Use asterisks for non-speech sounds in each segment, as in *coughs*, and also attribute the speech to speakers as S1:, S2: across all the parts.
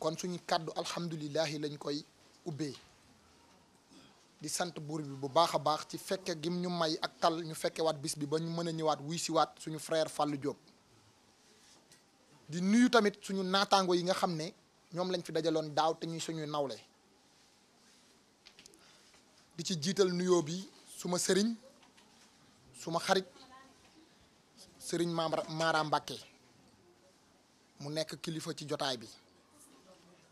S1: kon suñu kàddu alhamdullilah lañ koy ubbee di sante bour bi bu baakha baax ci fekke gim ñu may ak tal ñu fekke wat bis bi ba ñu mëna ñëwaat wuy ci wat suñu frère Fallu Diop di nuyu tamit suñu natango yi nga xam ne lañ fi dajalon daaw te ñuy suñu nawle di ci jital nuyo bi suma serigne suma xarit sëriñ Maara mbacké mu nek kilifa ci jotay bi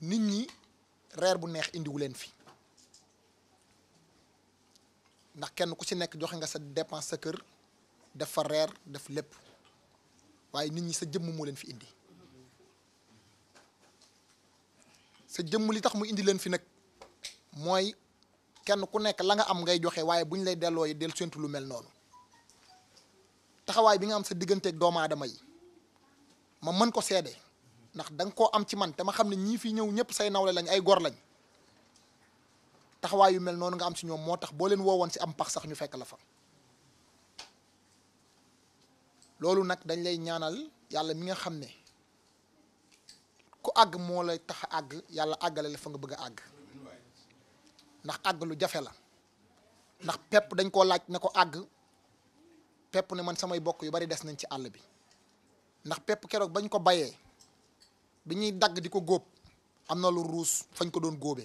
S1: nit ñi reer bu neex indiwu leen fi ndax kenn ku ci nekk joxe nga sa dépense sa kër def fa reer def lépp waaye nit ñi sa jëmm moo leen fi indi sa jëmm li tax mu indi leen fi nag mooy kenn ku nekk la nga am ngay joxe waaye bu ñu lay delloo yi del séntu lu mel noonu taxawaay bi nga am sa digganteeg doomu aadama yi ma mën ko seede ndax da nga koo am ci man te ma xam ne ñii fi ñëw ñëpp say nawle lañ ay gor lañ taxawaay yu mel noonu nga am ci ñoom moo tax boo leen woowoon ci am pax sax ñu fekk la fa loolu nag dañ lay ñaanal yàlla mi nga xam ne ku àgg moo lay tax àgg yàlla àggale la fa nga bëgg a àgg ndax àgg lu jafe la ndax pepp dañ koo laaj ne ko àgg pepp ne man samay bokk yu bari des nañ ci àll bi ndax pepp keroog bañ ko bayee bi dag dagg di ko góob lu ruus fañ ko doon gobé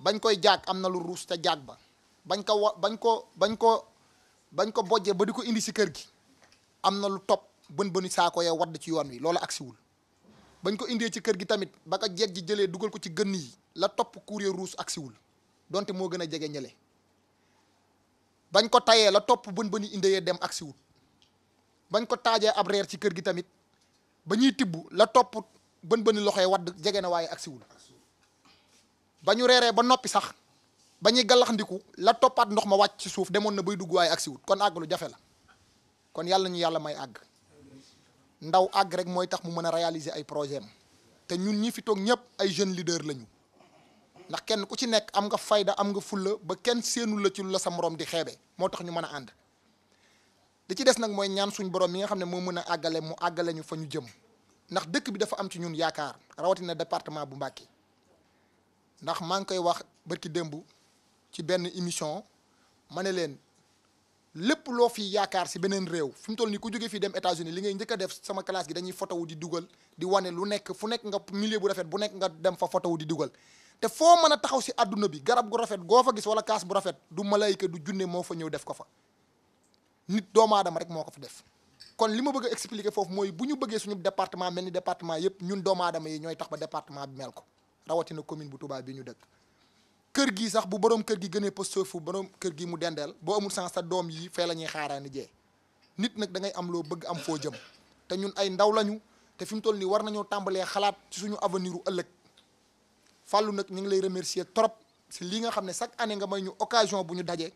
S1: bañ koy jaag amna lu ruus ta jaag ba bañ ko bañ ko bañ ko bañ ko ba diko indi ci kër gi amna lu top bën sa ko ya wad ci yoon wi loolu wul bañ ko ci kër gi tamit ba ka jeeg ji jëlé dugal ko ci gën yi la top kuur ya aksi wul donte mo gëna a jege bañ ko tayé la top bën ya dem wul bañ ko tajé ab rër ci kër gi tamit ba ñuy tibb la topp bën bëni loxo yi wadd jege na waaye ak ba ñu reeree ba noppi sax ba ñuy gallaxndiku la toppaat ndox ma wàcc ci suuf demoon na bay dugg waaye ak siwut kon àgg lu jafe la kon yàlla ñu yàlla may àgg ndaw àgg rek mooy tax mu mën a réaliser ay projets am te ñun ñi fi toog ñëpp ay jeunes leaders lañu ndax kenn ku ci nekk am nga fayda am nga fulla ba kenn séenul la ci lu la sa morom di xeebe moo tax ñu mën a ànd li ci des nag mooy ñaan suñu borom mi nga xam ne moo mën a àggale mu àggale ñu fa ñu jëm ndax dëkk bi dafa am ci ñun yaakaar rawatina département bu Mbacké ndax maa ngi koy wax bët barki démb ci benn émission ma ne leen lépp loo fi yaakaar si beneen réew fi mu toll nii ku jógee fii dem États-Unis li ngay njëkk a def sama classe gi dañuy photo wu di dugal di wane lu nekk fu nekk nga milieu bu rafet bu nekk nga dem fa photo di dugal te foo mën a taxaw si àdduna bi garab gu rafet goo fa gis kaas bu rafet du malayka du junne moo fa ñëw def ko fa nit doomu aadama rek moo ko fi def kon li ma bëgg expliqué foofu mooy bu ñu bëggee suñu département mel ni département yëpp ñun doomu aadama yi ñooy tax ba département bi mel ko rawatina commune bu Touba bi ñu dëkk kër gi sax bu borom kër gi gënee posté fu borom kër gi mu dendeel boo amul sens sa doom yi fee la ñuy xaaraani jee nit nag da ngay am loo bëgg am foo jëm te ñun ay ndaw lañu te fi mu toll nii war nañoo tàmbalee xalaat ci suñu avenir u ëllëg fàllu nag ñu ngi lay remercier trop si lii nga xam ne chaque année nga may ñu occasion bu ñu dajee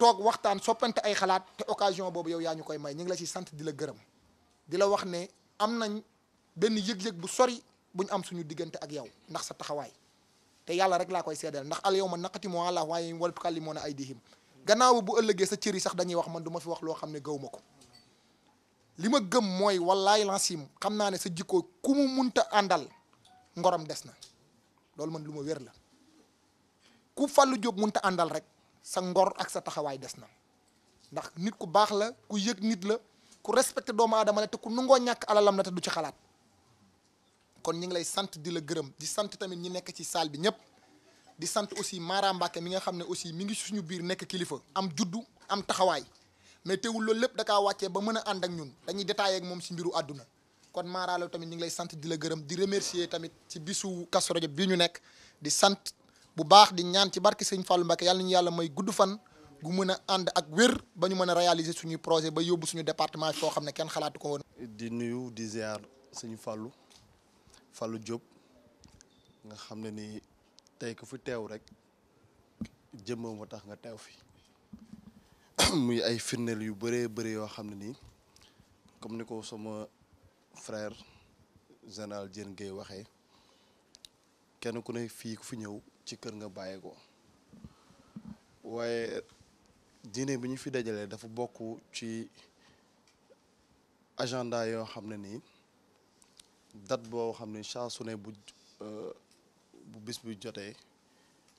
S1: toog waxtaan soppante ay xalaat te occasion boobu yow yaa ñu koy may ñu ngi la ci sant di la gërëm di la wax ne am nañ benn yëg-yëg bu sori bu ñu am suñu diggante ak yow ndax sa taxawaay te yàlla rek laa koy seedeel ndax al yow ma naqati moo àlla waaye wal tukallimuuna aydihim gannaaw bu ëllëgee sa cër yi sax dañuy wax man du ma fi wax loo xam ne gaw ma ko li ma gëm mooy wallaay lansim xam naa ne sa jikko ku mu munta àndal ngorom des na loolu man lu ma wér la ku jóg munta àndal rek sa ngor ak sa taxawaay des na ndax nit ku baax la ku yëg nit la ku respecté doomu aadama la te ku nungoo ñàkk alalam la te du ci xalaat kon ñu ngi lay sant di la gërëm di sant tamit ñi nekk ci salle bi ñëpp di sant aussi Mara Mbacké mi nga xam ne aussi mi ngi suñu biir nekk kilifa am juddu am taxawaay mais teewul loolu lépp da kaa wàccee ba mën a ànd ak ñun dañuy détaillé moom si mbiru àdduna kon Mara tamit ñu ngi lay sant di la gërëm di remercier tamit ci bisu Kazu Rajab bi ñu nekk di sant. bu baax di ñaan ci barke sëñ Fallou Mbacké yàlla ñu yàlla may gudd fan gu mën a ànd ak wér ba ñu mën a réaliser suñuy projet ba yóbbu suñu département foo xam ne kenn xalaatu ko woon.
S2: di nuyu di suñu sëñ Fallou Fallou nga xam ne ni tey ku fi teew rek jëmmoo ma tax nga teew fi *coughs* muy ay firndeel yu bëree bëri yoo xam ne nii comme ni ko sama frère général Diène gay waxee. kenn ku ne fii ku fi ñëw ci kër nga bàyyi ko waaye diine bi ñu fi dajalee dafa bokk ci agenda yoo xam ne nii date boo xam ne saa su ne bu euh, bu bis bu jotee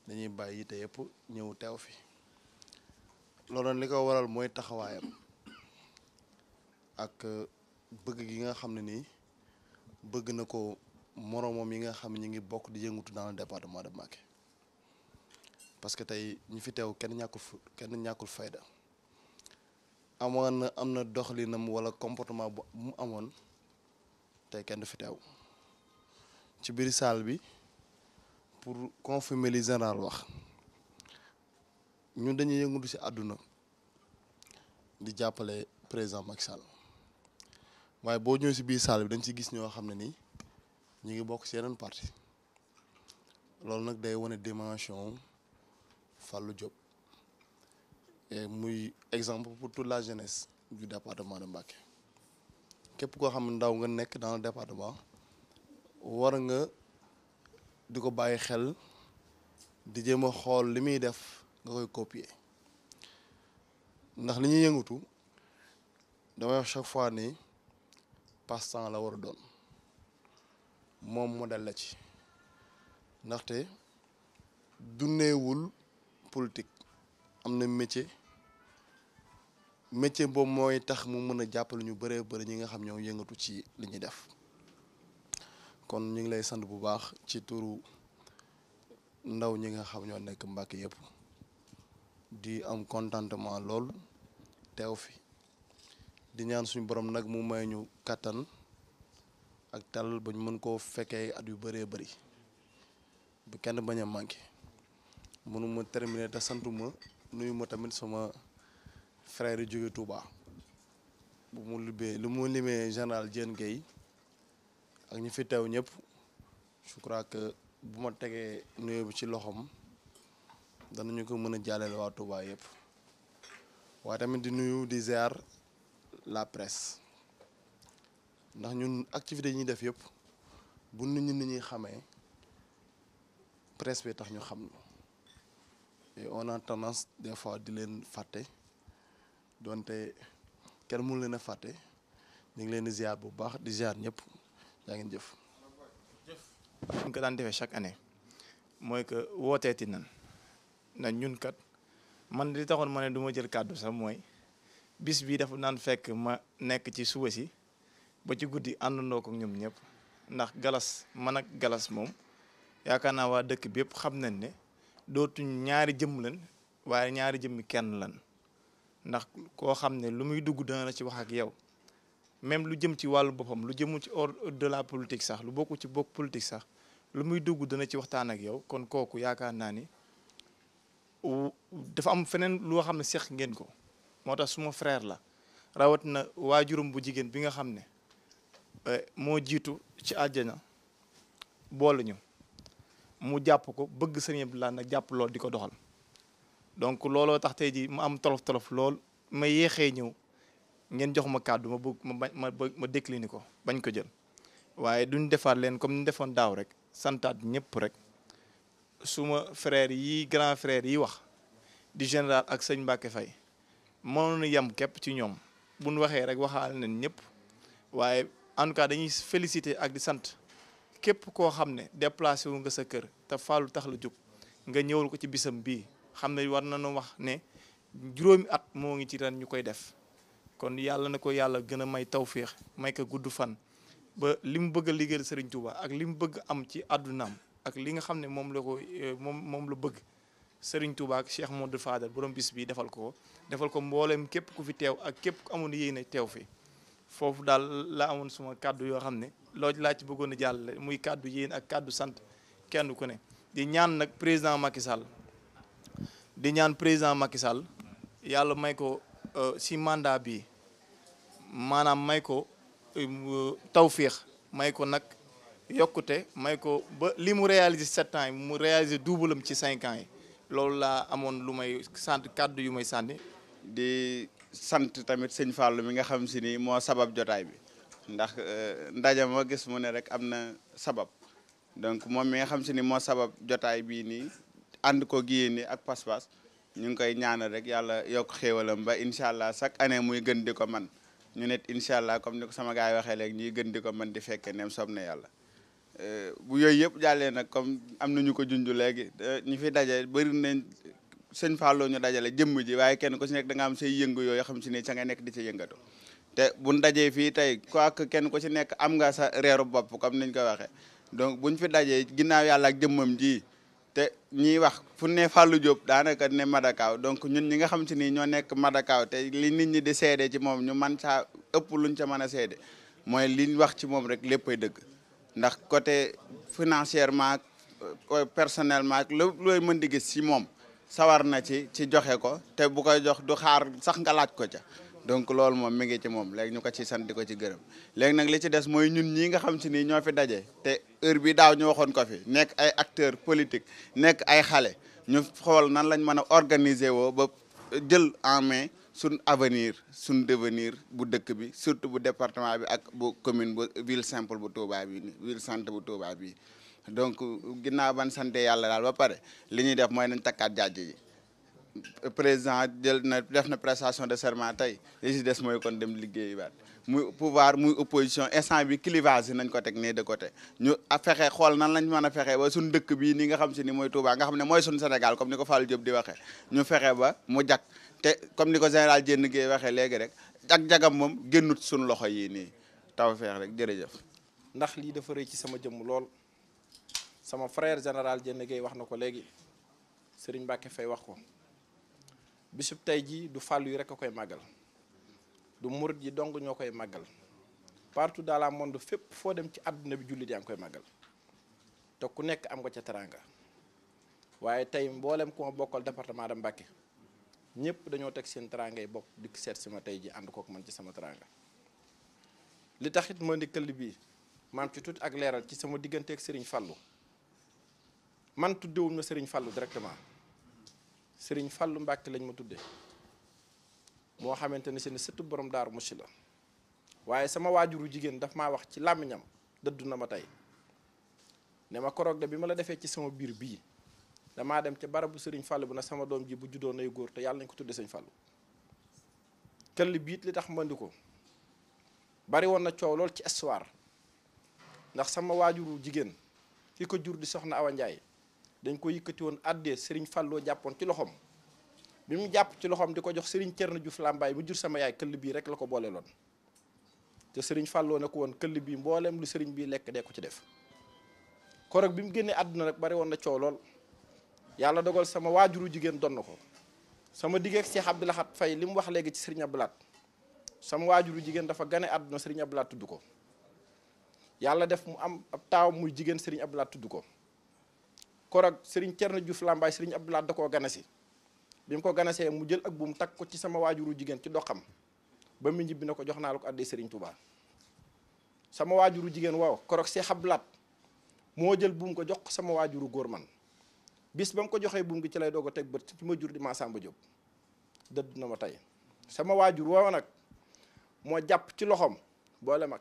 S2: dañuy bàyyi yite yëpp ñëw teew fi loolu li ko waral mooy taxawaayam ak euh, bëgg gi nga xam ne nii bëgg na ko moromam yi nga xam ñi ngi bokk di yëngutu dans le département de Mbacké parce que tey ñi fi teew kenn ñàkkul kenn ñàkkul fayda amoon na am wala comportement bu mu amoon tey kenn du fi teew ci biir salle bi pour confirmer li général wax ñun dañuy yëngutu ci àdduna di jàppale président Macky Sall waaye boo ñëwee ci biir salle bi dañ ci gis ñoo xam ne nous ngi bokk si yeneen parti loolu nag day wane dimension Fallou Diop et muy exemple pour toute la jeunesse du département de Mbacké képp koo xam ne nga nekk dans le département war nga di ko bàyyi xel di jéem a xool def nga koy copier ndax li ñi yëngutu damay wax chaque fois ni passant la war doon moom modèle la ci ndaxte dundeewul politik am na métier métier boobu mooy tax mu mën a jàppale ñu bëree bëri ñi nga xam ñoo yëngatu ci li ñuy def kon ñu ngi lay sand bu baax ci turu ndaw ñi nga xam ñoo nekk Mbàkke yëpp di am contentement lool teew fi di ñaan suñu borom nag mu may ñu kàttan ak tal bañ mën koo fekkee at yu bëree bëri bu kenn bañ a manqué mënuma terminer te santuma nuyu ma tamit sama frère yu jóge Touba bu mu libee lu mu limee général Diène Gueye ak ñu fi teew ñëpp je crois que bu ma tegee nuyu bi ci loxoom danañu ko mën a jàllale waa Touba yëpp waaye tamit di nuyu di ziar la presse ndax ñun activité yi ñuy def yëpp bu nu ñi ni ñuy xamee presse tax ñu xam ñu on a tendance des fois di leen fàtte doonte kenn mënu leen a fàtte ñu leen di ziar bu baax di ziar ñëpp yaa ngeen jëf. ñu ko daan defee chaque année
S3: mooy que wooteeti nan na ñun kat man li taxoon ma ne du ma jël kàddu sax mooy bis bii dafa naan fekk ma nekk ci suba si. ba ci guddi àndandoo ko ñoom ñëpp ndax galas man ak galas moom yaakaar naa waa dëkk bi yëpp xam nañ ne dootuñ ñaari jëmm lan waaye ñaari jëmmi kenn lan ndax koo xam ne lu muy dugg dana la ci wax ak yow même lu jëm ci wàllu boppam lu jëmu ci hors de la politique sax lu bokku ci bokk politique sax lu muy dugg dana ci waxtaan ak yow kon kooku yaakaar naa ni dafa am feneen loo xam ne seq ngeen ko moo tax suma frère la rawat na waajuram bu jigéen bi nga xam ne Eh, moo jiitu ci àjjana boole ñu mu jàpp ko bëgg sëriñ Abdou Lahad jàpp lool di ko doxal donc looloo tax tey jii mu am tolof tolof lool ma yéexee ñëw ngeen jox ma kàddu ma bëgg ma ma ma décliné ko bañ ko jël waaye duñ defaat leen comme ni defoon daaw rek santaat ñëpp rek suma frère yi grand frère yi wax di général ak sëñ Mbacke Faye mënoon yem képp ci ñoom buñ waxee rek waxaale nañ ñëpp waaye. en tout dañuy féliciter ak di sant képp koo xam ne déplacé wu nga sa kër te faalu tax la jóg nga ñëwal ko ci bisam bii xam ne war nañu wax ne juróomi at moo ngi ci ren ñu koy def kon yàlla na ko yàlla gën a may tawféex may ko gudd fan ba li mu bëgg a liggéeyal Serigne Touba ak li mu bëgg am ci àddunaam ak li nga xam ne moom la ko euh, moom moom la bëgg Serigne Touba ak Cheikh Modou Fadal borom bis bi defal ko defal ko mbooleem képp ku fi teew ak képp ku amoon yéene teew fi foofu daal la amoon suma kàddu yoo xam ne loo laa ci bëggoon a jàllale muy kàddu yéen ak kàddu sant kenn ku ne di ñaan nag président Macky di ñaan président Macky yàlla may ko euh, si mandat bi maanaam may ko euh, tawféex may ko nag yokkute may ko ba li mu réaliser sept mu réaliser double am ci cinq yi
S4: loolu laa amoon lu may sant kàddu yu may sànni di sant tamit sëñ Fallou mi nga xam si ni moo sabab jotaay bi ndax euh, ndaje moo gis mu ne rek am na sabab donc moom mi nga xam si ni moo sabab jotaay bi nii ànd ko gi ni ak pas-pas ñu ngi koy ñaanal rek yàlla yokk xéewalam ba incha allah chaque année muy gën di ko man ñu net incha allah comme ni ko sama gars yi waxee léegi ñuy gën di ko man di fekkee nem sob na yàlla euh, bu yëpp jàllee nag am na ñu ko junj léegi euh, ñu fi daje bëri seen Fallou ñu dajale jëmm ji waaye kenn ku si nekk da am say yëngu yooyu xam si ne ca nga nekk di ci yëngatu te buñ dajee fii tey quoique kenn ku ci nekk am nga sa reeru bopp comme niñ ko waxee donc buñ fi dajee ginnaaw yàlla ak jëmmam ji te ñiy wax fu ne Fallou Diop daanaka ne Madakaw donc ñun ñi nga xam si ni ñoo nekk Madakaw te li nit ñi di seede ci moom ñu man saa ëpp luñ ca mën a seede mooy liñ wax ci moom rek léppay dëgg ndax côté financièrement euh, personnellement ak looy mën di gis si moom sawar na ci ci joxe ko te bu koy jox du xaar sax nga laaj ko ca donc loolu moom mi ngi ci moom léegi ñu ko ci sant di ko ci gërëm léegi nag li ci des mooy ñun ñii nga xam si nii ñoo fi daje te heure bi daaw ñu waxoon ko fi nekk ay acteur politique nekk ay xale ñu xool nan lañ mën a organiser woo ba jël en mais suñ avenir suñ devenir bu dëkk bi surtout bu département bi ak bu commune bu ville simple bu Touba bi ville centre bu Touba bi donc ginnaaw ban sante yàlla daal ba pare li ñuy def mooy nañ takkaat jàjj yi président jël na def na prestation de serment tey li si des mooy kon dem liggéey baat muy pouvoir muy opposition instant bi clivage yi nañ ko teg nii de côté ñu fexe xool na lañ man a fexe ba suñ dëkk bii ni nga xam si ni mooy Touba nga xam ne mooy suñ Sénégal comme ni ko Fallou Diop di waxee ñu fexe ba mu jag te comme ni ko général Diène Guèye waxee léegi rek jag-jagam moom génnut suñ loxo yii nii taw feex rek jërëjëf
S5: ndax ci sama jëmm lool sama frère général Diène Wahno kolegi sering ko léegi Serigne Mbacke Faye wax ko bisub tey jii du fàllu yi rek a koy màggal du murit yi dong ñoo koy màggal partout dans la monde fépp foo dem ci àdduna bi jullit yaa ngi koy màggal te ku nekk am nga ca teraanga waaye tey mboolem ku bokkal département de Mbacke seen man ci sama teranga. li taxit ma ndikkal bi maam ci tuuti ak ci sama Serigne Fallou man tuddewuñ na sëriñ Fallou directement sëriñ Fallou Mbacke lañ ma tudde moo xamante ni si ne sëtu borom daaru musi la waaye sama waajuru jigéen daf maa wax ci làmmiñam dëddu na ma tey ne ma koroog de bi ma la defee ci sama biir bii damaa dem ca barabu sëriñ Fallou bu na sama doom ji bu juddoo nay góor te yàlla nañ ko tudde Serigne Fallou këll biit li tax mandi ko bari woon na coow lool ci histoire ndax sama waajuru jigéen ki ko jur di soxna Awa Ndiaye dañ ko yëkkati woon addee Serigne Falloo jàppoon ci loxoom bi mu jàpp ci loxoom di ko jox Serigne Thierno Diouf Lambaye mu jur sama yaay këll bii rek la ko boole loon te Serigne Falloo ne woon këll bii mbooleem lu Serigne bii lekk dee ko ci def korog bi mu génnee àdduna rek bari woon na coow lool yàlla dogal sama waajuru jigéen doon na ko sama diggeeg Cheikh Abdou Lahad Faye li mu wax léegi ci Serigne sama waajuru jigéen dafa gane àdduna Serigne Abdou Lahad tudd ko yàlla def mu am ab taaw muy jigéen Serigne Abdou Lahad tudd ko korog Serigne Thierno Diouf Lambaye Serigne Abdoulaye da koo ganasi bi mu ko ganasee mu jël ak buum takk ko ci sama waajuru jigéen ci doxam ba mu ñibbi na ko jox naa la ko àddee Serigne Touba sama waajuru jigéen waaw korog Cheikh Abdoulaye moo jël buum ko jox ko sama waajuru góor man bis ba mu ko joxee buum gi ci lay doog a teg bët ci ma jur di Massamba Diop dëdd na ma tey sama waajur woowa nag moo jàpp ci loxoom boole mag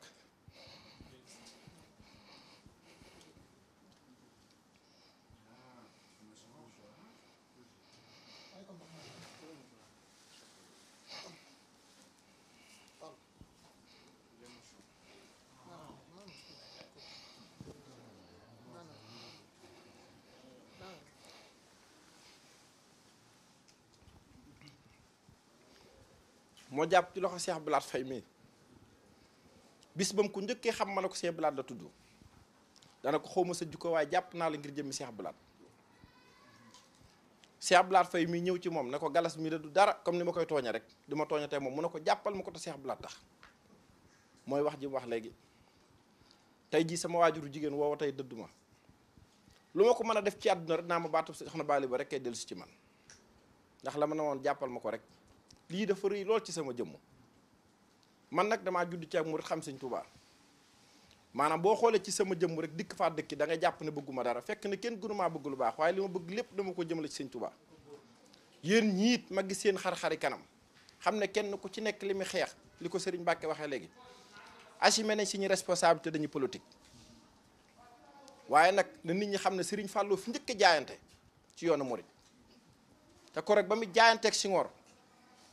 S5: moo jàpp ci loxo seex Abdou Lahad Faye mii bis ba mu ko njëkkee xam ma ne ko Cheikh Abdou Lahad la tudd dana ko xaw ma sa jikko waaye jàpp naa la ngir jëmmi seex Abdou Lahad Cheikh Abdou Lahad mii ñëw ci moom ne ko galas mii da du dara comme ni ma koy tooña rek di ma tooña tey moom mu ne ko jàppal ma ko te Cheikh Abdou tax mooy wax ji mu wax léegi tey jii sama waajuru jigéen woowa tey dëddu ma lu ma ko mën a def ci àdduna rek naa ma baatu na Bali ba rek kay dellu si ci man ndax la ma ne woon jàppal ma ko rek lii dafa rëy lool ci sama jëmm man nag damaa judd ci ak murit xam sëñ Tuubaa maanaam boo xoolee ci sama jëmm rek dikk faa dëkki da jàpp ne bëgguma dara fekk na kenn gënumaa bëgg lu baax waaye li ma bëgg lépp dama ko jëmale ci tubaa Tuubaa yéen ñiit ma gis seen xar-xari kanam xam ne kenn ku ci nekk li mu xeex li ko Sëriñ Mbàkke waxee léegi assumé nañ suñu responsabilité dañu politique waaye nag na nit ñi xam ne Sëriñ Fàllu fi njëkk jaayante ci yoonu murit te ko rek ba mu jaayanteeg Senghor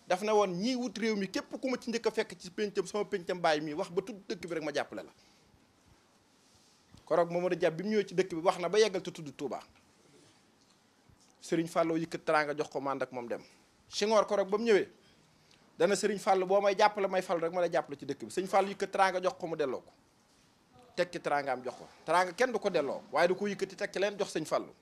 S5: daf na woon ñii wut réew mi képp ku ma ci njëkk a fekk ci péncam sama péncam bàyyi mi wax ba tudd dëkk bi rek ma jàppale la koroog Mamadou Dia bi mu ñëwee ci dëkk bi wax na ba yeggal te tudd Touba Serigne Fallou yëkkat teraanga jox ko mànd ak moom dem Senghor koroog ba mu ñëwee dana Serigne Fallou boo may jàppale may Fallou rek ma lay jàppale ci dëkk bi Serigne Fallou yëkkat teraanga jox ko mu delloo ko teg ci teraangaam jox ko teraanga kenn du ko delloo waaye du ko yëkkati teg ki leen jox sañ Fallou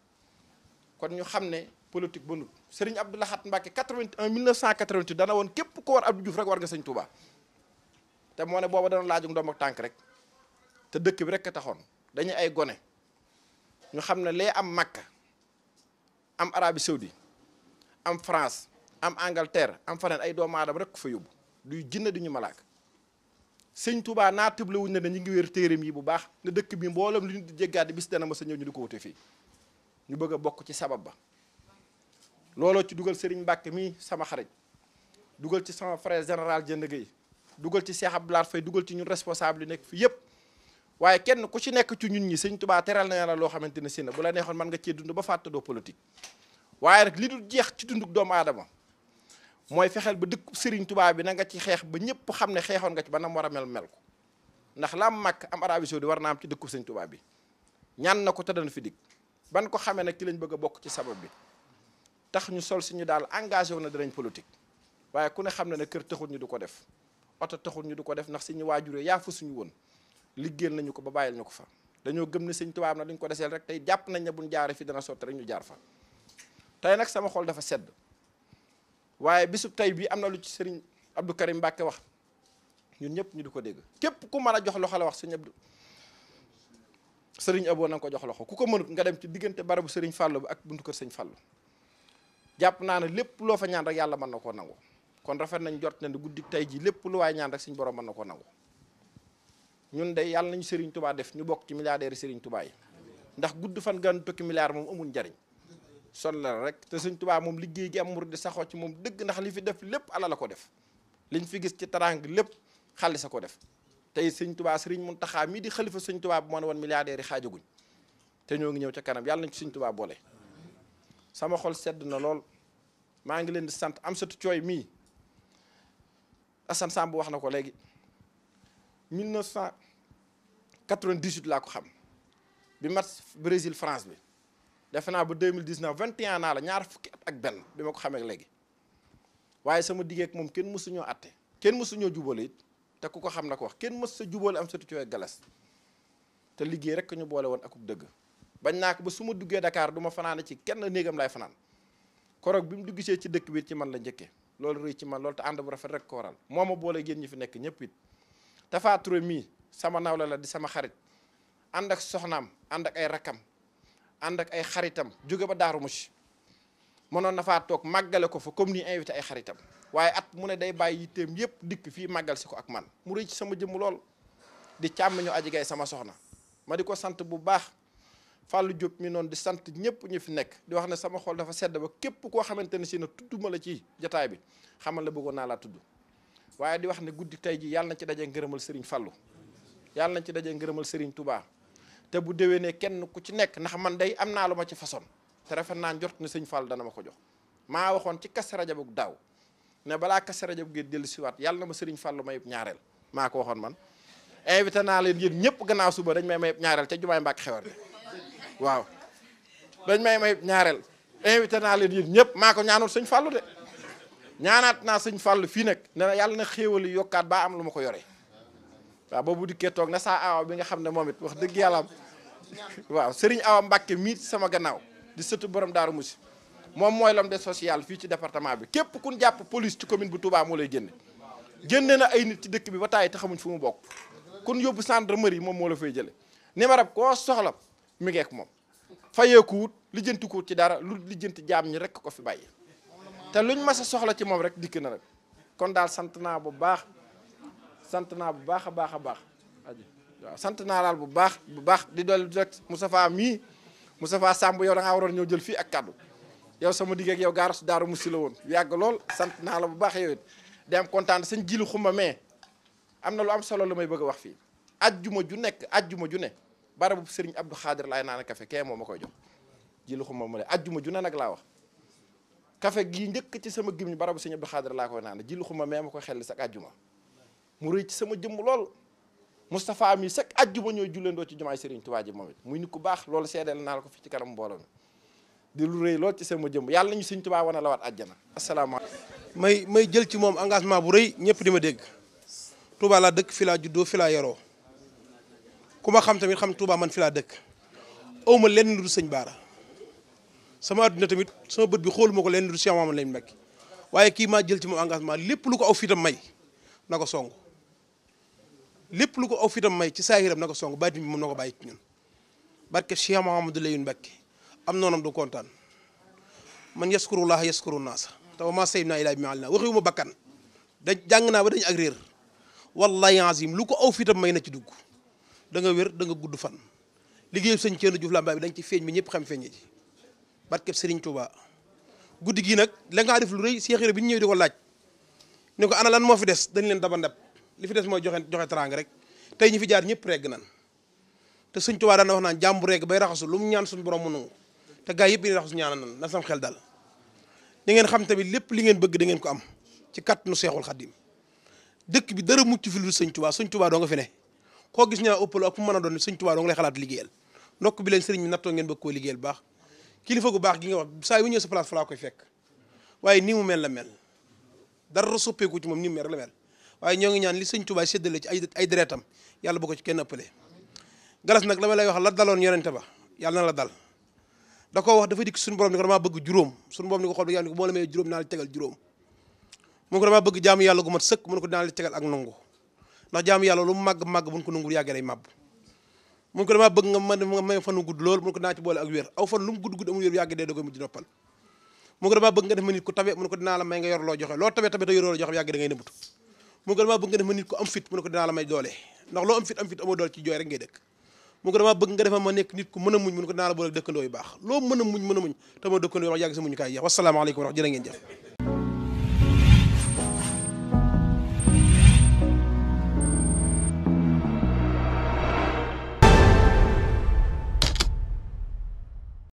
S5: kon ñu xam ne politique bonut Serigne Abdou Lahad Mbacké 81 1988 dana woon képp ko war Abdou Diouf rek war nga Serigne Touba te moo ne booba dana laaju ndoom ak tànk rek te dëkk bi rek a taxoon dañuy ay gone ñu xam ne lee am Makka am Arabie Saoudi am France am Angleterre am faneen ay doomu aadama rek ku fa yóbbu duy jinne duñu malaak sëñ Touba naa tëblewuñ ne ñu ngi wér téereem yi bu baax ne dëkk bi mboolem li ñu di jéggaat bis dana ma sa ñëw ñu di ko wute fii ñu bëgg a bokk ci sabab ba looloo ci dugal sëriñ Mbacke mii sama xarit dugal ci sama frère général Dieng Gueye dugal ci Cheikh Abdoulaye Faye dugal ci ñun responsable yi nekk fi yëpp waaye kenn ku ci nekk ci ñun ñi sëñ Tubaa teral na la loo xamante ne si na bu la neexoon man nga cee dund ba fàttadoo politique waaye rek li dul jeex ci dunduk doomu aadama mooy fexeel ba dëkk sëriñ tubaab bi na nga ci xeex ba ñëpp xam ne xeexoon nga ci ba nam war a mel mel ko ndax la am màkk am Arabie Saoudite war naa am ci dëkku sëñ Tubaa bi ñaan na ko te fi dikk ban ko xamee nag ci lañ bëgg a bokk ci sabab bi tax ñu sol suñu daal engagé wu na danañ politique waaye ku ne xam na ne kër taxul ñu du ko def oto taxul ñu du ko def ndax suñu waajuree yaa fa suñu woon liggéeyal nañu ko ba bàyyil ñu ko fa dañoo gëm ne sëñ tubaab na duñ ko deseel rek tey jàpp nañ ne buñ jaaree fi dana sotti rek ñu jaar fa tey nag sama xol dafa sedd waaye bisub tey bii am na lu ci sëriñ Abdou Karim Mbacke wax ñun ñëpp ñu du ko dégg képp ku mën a jox loxo wax sëñ Abdou sëriñ aboon na ko jox loxo ku ko mënut nga dem ci diggante barabu sëriñ Fallou bi ak buntu kër sëñ Fallou jàpp naa ne lépp loo fa ñaan rek yàlla mën na koo nangu kon rafet nañ jot na ne guddi tey ji lépp lu waay ñaan rek suñu borom mën na koo nangu ñun de yàlla nañu sëriñ tubaa def ñu bokk ci milliardaire yi sëriñ Touba yi ndax gudd fan gan tokki milliard moom amul njariñ son la rek te suñ tubaa moom liggéey gi am murid di saxoo ci moom dëgg ndax li fi def lépp ala la def liñ fi gis ci tarang lépp xaalis a ko def tay seigne touba serigne Muntaxa mi di khalifa seigne touba bu man woon milliardaires yi xaajaguñ te ñoo ngi ñëw ci kanam yàlla nañ ci sëñ tubaa boole sama xol sedd na lool ma ngi leen di sante am sa cooy mi Assane sambu wax nako legi 1998 la ko xam bi match Brésil France bi defe naa ba 2019 21 naa la ñaar fukki at ak ben bima ko xamé legi waye sama digé ak mom kenn mësuñoo atte kenn mësuñoo jubale it te ku ko xam na ko wax kenn mës sa jubóole am satu cooy galas te liggéey rek ñu boole woon akub dëgg bañ naa ko ba su ma duggee dakaar du ma fanaane ci kenn néegam laay fanaan koroog bi mu duggisee ci dëkk bi ci man la njëkkee loolu rëy ci man loolu te ànd bu rafet rek kooral waral moo ma boole génn ñi fi nekk ñëpp it Tapha Touré mii sama nawla la di sama xarit ànd ak soxnaam ànd ak ay rakkam ànd ak ay xaritam jóge ba Daaru Musi mënoon na faa toog màggale ko fa comme ni invité ay xaritam waaye at mu ne day bàyyi yitteem yëpp dikk fii màggal si ko ak man mu rëy ci sama jëmm lool di càmm ñu aji gay sama soxna ma di ko sant bu baax fàllu Diop mi noonu di sant ñëpp ñu fi nekk di wax ne sama xool dafa sedd ba képp koo xamante ne si na tudd ma la ci jataay bi xamal la bëggoon naa laa tudd waaye di wax ne guddi tey ji yàlla na ci daje ngërëmal Serigne Fallou yàlla na ci daje ngërëmal Serigne Touba te bu déwénee kenn ku ci nekk ndax man day am naa lu ma ci façon te rafet naa njort ne sëñ Fall dana ma ko jox maa waxoon ci kas rajo bu daaw ne balaa kas rajo bu ngeen dellu siwaat yàlla na ma sëriñ Fall mayub ñaareel maa ko waxoon man invité naa leen yéen ñëpp gannaaw suba dañ may mayub ñaareel ca jumaay Mbàkke xewar bi waaw dañ may ñaareel invité naa leen ñëpp maa ko ñaanul Fall ñaanaat naa sëñ Fall fii nag ne na yàlla na xéewali yokkaat baa am lu ma ko yore waaw boobu dikkee toog saa bi nga xam ne moom it wax dëgg yàlla waaw sëriñ awa Mbàkke mii sama gannaaw di sëtu borom daaru musi moom mooy l'homme de social fii ci département bi képp kun jàpp police ci commune bu Touba moo lay génne génne na ay nit ci dëkk bi ba taay te xamuñ fu mu bokk kun yóbbu gendarmerie moom moo la fay jële numéro bi koo soxla mi ngeek moom fayeekuwut lijjantikuwut ci dara lu lijjanti jaam ñi rek ko fi bàyyi te luñ mas a soxla ci moom rek dikk na rek kon daal sant naa bu baax sant naa bu baax a baax a baax waaw sant naa bu baax bu baax di dool rek Moustapha Moustapha Samb yow da ngaa waroon ñëw jël fii ak kaddu yow sama digg ak yow gaaras daaru musi la woon yàgg lool sant naa la bu baax yow it di am kontaan sëñ jilu xuma mais am na lu am solo lu may bëgg wax fii ajjuma ju nekk ajjuma ju ne barabu sëriñ Abdou Khadir laay naan café kee moo ma koy jox jilu xuma mu ne ajjuma ju ne nag laa wax café gi njëkk ci sama gim ñu barabu sëriñ Abdou Khadir laa koy naan jilu xuma mais ma koy xelli sa ajjuma mu rëy ci sama jëmm lool Moustapha mi sekk chaque àjjuma ñooy jullandoo ci jumaay Serigne Touba ji moom it muy nit ku baax lool seedeel naa la ko fi ci kanam mbooloo mi di lu rëy lool ci sama jëmm yàlla nañu Serigne Touba wana lawaat àjjana asalaamaaleykum. may may jël ci moom engagement
S6: bu rëy ñëpp di ma dégg Touba laa dëkk filaa laa juddoo filaa laa yaroo ku ma xam tamit xam Touba man fi laa dëkk aw ma lenn lu dul sëñ Baara sama adduna tamit sama bët bi xooluma ko lenn lu dul Cheikh Mamadou Lamine Mbacké waaye kii maa jël ci moom engagement lépp lu ko aw fiitam may na ko song. lépp lu ko aw fitam may ci saahiram na ko song baatim bi moom na ko bàyyi ci ñun barke Cheikh Mahamadou Layoune Mbacké am noonam du kontaan man yaskurullah yaskuru naasa te maa sayyib naa ilaa bi ma alina waxiwuma bakkan da jàng naa ba dañ ak réer wallahi lu ko aw fitam may na ci dugg da nga wér da gudd fan liggéey sëñ Ceerno Juuf Lambaay bi dañ ci feeñ bi ñëpp xam feeñe ji barke Serigne Touba guddi gii nag la ngaa def lu rëy Cheikh bi ñu ñëw di ko laaj ne ko ana lan moo fi des dañ leen daba li fi des mooy joxe joxe teraanga rek tey ñi fi jaar ñëpp regg nan te sëñ Tuubaa daan na wax naan jàmbu regg bay raxasu lu mu ñaan suñu borom mu te gaa yëpp yi raxasu ñaana nan na sam xel dal da ngeen xam tamit lépp li ngeen bëgg da ngeen ko am ci kàttanu Seexul Xaddim dëkk bi dara mucc fi lu sëñ Tuubaa sëñ Tuubaa doo nga fi ne koo gis ñaa ëppaloo ak fu mën a doon sëñ Tuubaa doo nga lay xalaat liggéeyal ndokk bi leen sëriñ bi nattoo ngeen bëgg koo liggéeyal baax kilifa gu baax gi nga wax saa yu ñëw sa laa koy fekk waaye nii mu mel la mel dara soppeeku ci moom nii la mel waaye ñoo ngi ñaan li sëñ Tuubaa séddale ci ay ay deretam yàlla bu ko ci kenn ëppale galas nag la ma lay wax la daloon yonente ba yàlla na la dal da ko wax dafa dikk suñu borom ni ko damaa bëgg juróom suñu borom ni ko xool yàlla ni ko moo la may juróom naa la tegal juróom mu ko damaa yàlla gu mat sëkk mu ko dinaa la tegal ak nangu ndax jaamu yàlla lu màgg màgg buñ ko nangul yàggee day màbb mu ko damaa nga lool mu ne ko dinaa ci boole ak wér aw def ma nit ku tabe mu ko dinaa la may nga yor loo joxe loo tabe tabe te yoroo loo joxe yàggee da ngay mu ko damaa bëgg nga def ma nit ku am fit mu ne ko dinaa la may doole ndax loo am fit am fit amoo doole ci jooy rek ngay dëkk mu ko damaa bëgg nga defa ma nekk nit ku mën a muñ mu ne ko dinaa la boole dëkkandoo baax loo mën a muñ mën a muñ te ma dëkkandoo yoo wax yàgg sa muñ kaay jeex wasalaamaaleykum wa rahmatulah jërë ngeen